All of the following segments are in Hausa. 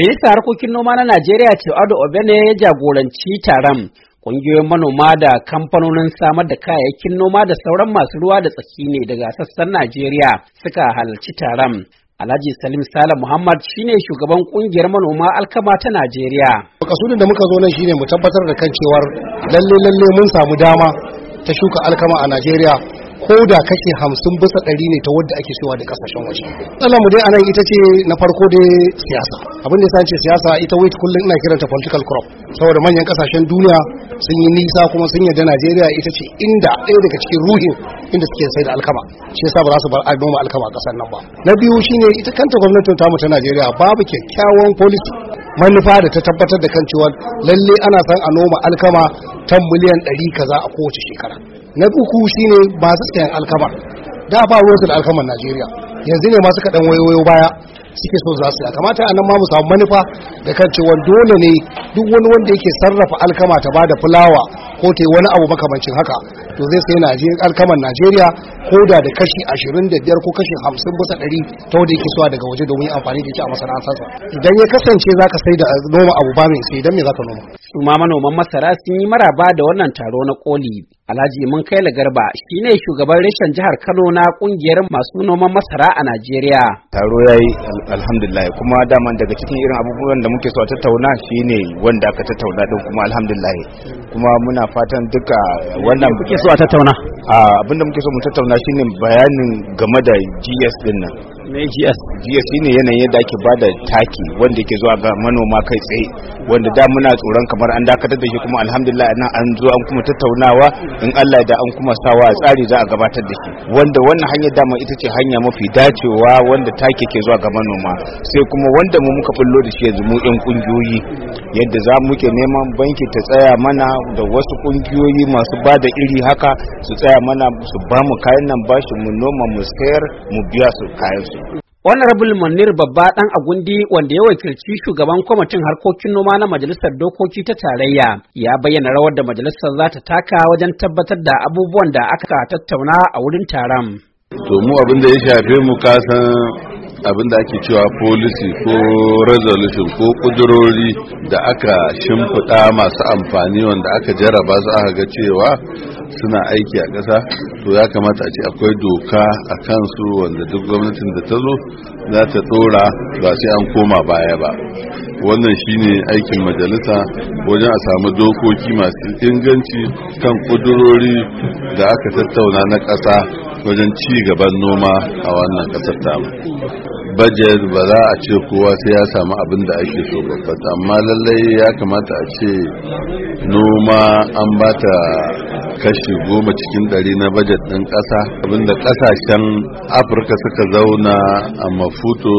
Minista harkokin noma na Najeriya ce Ado Obene ya jagoranci taron ƙungiyoyin manoma da kamfanonin samar da kayayyakin noma da sauran masu ruwa da tsaki ne daga sassan Najeriya suka halarci taron. Alhaji Salim Salam Muhammad shine shugaban kungiyar manoma alkama ta Najeriya. Makasudin da muka zo nan shine mu tabbatar da kan cewar lalle lalle mun samu dama ta shuka alkama a Najeriya ko da kashe hamsin bisa ɗari ne ta wadda ake siyowa da kasashen waje tsallan mu dai anan ita ce na farko dai siyasa abin da ce siyasa ita wait kullum ina kiranta political crop saboda manyan kasashen duniya sun yi nisa kuma sun yarda najeriya ita ce inda ɗaya daga cikin ruhin inda suke sai da alkama shi yasa ba za su bar a noma alkama a ƙasar nan ba na biyu shine ita kanta gwamnatin tamu ta najeriya babu kyakkyawan policy manufa da ta tabbatar da kan cewa lalle ana san a noma alkama ta miliyan ɗari kaza a kowace shekara na uku shine masu sayan alkama da ba su da alkaman Najeriya yanzu ne masu kaɗan wayoyo baya suke so za su ya kamata a nan ma mu samu manufa da kan cewa dole ne duk wani wanda yake sarrafa alkama ta da fulawa ko ta wani abu makamancin haka to zai sai alkaman Najeriya ko da da kashi 25 ko kashi 50 bisa 100 ta wanda yake suwa daga waje domin amfani da ita a masana'antarsa idan ya kasance za ka sai da noma abu ba mai sai idan me ka noma su ma manoman masara sun yi maraba da wannan taro na koli alhaji mun kai garba shine shugaban reshen jihar kano na kungiyar masu noman masara a najeriya taro ya yi alhamdulillah kuma dama daga cikin irin abubuwan da muke so a tattauna shine wanda aka tattauna din kuma alhamdulillah kuma muna fatan duka wannan muke so a tattauna abinda muke so mu tattauna shine bayanin game da gs din nan me gs gs shine yanayin yadda ake bada taki wanda ke zuwa ga manoma kai tsaye wanda da muna tsoron kamar an dakatar da shi kuma alhamdulillah ina an zo an kuma tattaunawa in Allah da an kuma sawa a tsari za a gabatar da shi wanda wannan hanyar dama ita ce hanya mafi dacewa wanda take ke zuwa ga manoma sai kuma wanda mu muka fullo da shi yanzu mu ɗin kungiyoyi yadda za mu ke neman banki ta tsaya mana da wasu kungiyoyi masu ba da iri haka su tsaya mana su ba mu kayan nan bashi mu noma mu sayar mu biya su kayan su Honorable Munir babba dan agundi wanda ya wakilci shugaban kwamitin harkokin noma na majalisar dokoki ta tarayya ya bayyana rawar da majalisar za ta taka wajen tabbatar da abubuwan da aka tattauna a wurin taron. To mu abin da ya shafe mu kasan abin da ake cewa policy ko resolution ko kudurori da aka shimfiɗa masu amfani wanda aka jaraba su aka ga cewa suna aiki a ƙasa to ya kamata a ce akwai doka a kan su wanda duk gwamnatin da ta zo za ta ɗora ba sai an koma baya ba wannan shine aikin majalisa wajen a samu dokoki masu inganci kan kudurori da aka tattauna na ƙasa wajen ci gaban noma a wannan ƙasar tamu budget ba za a ce kowa sai ya samu abin da ake so ba amma lallai ya kamata a ce noma an bata kashi goma cikin ɗari na bajet ɗin ƙasa abinda ƙasashen afirka suka zauna a mafuto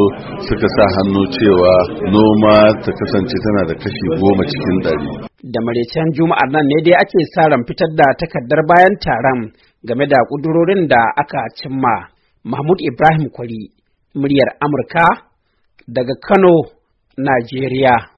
suka sa hannu cewa noma ta kasance tana da kashi goma cikin ɗari da maraicen juma'ar nan ne dai ake sa ran fitar da takardar bayan taron game da ƙudurorin da aka cimma mahmud ibrahim kwari muryar amurka daga kano najeriya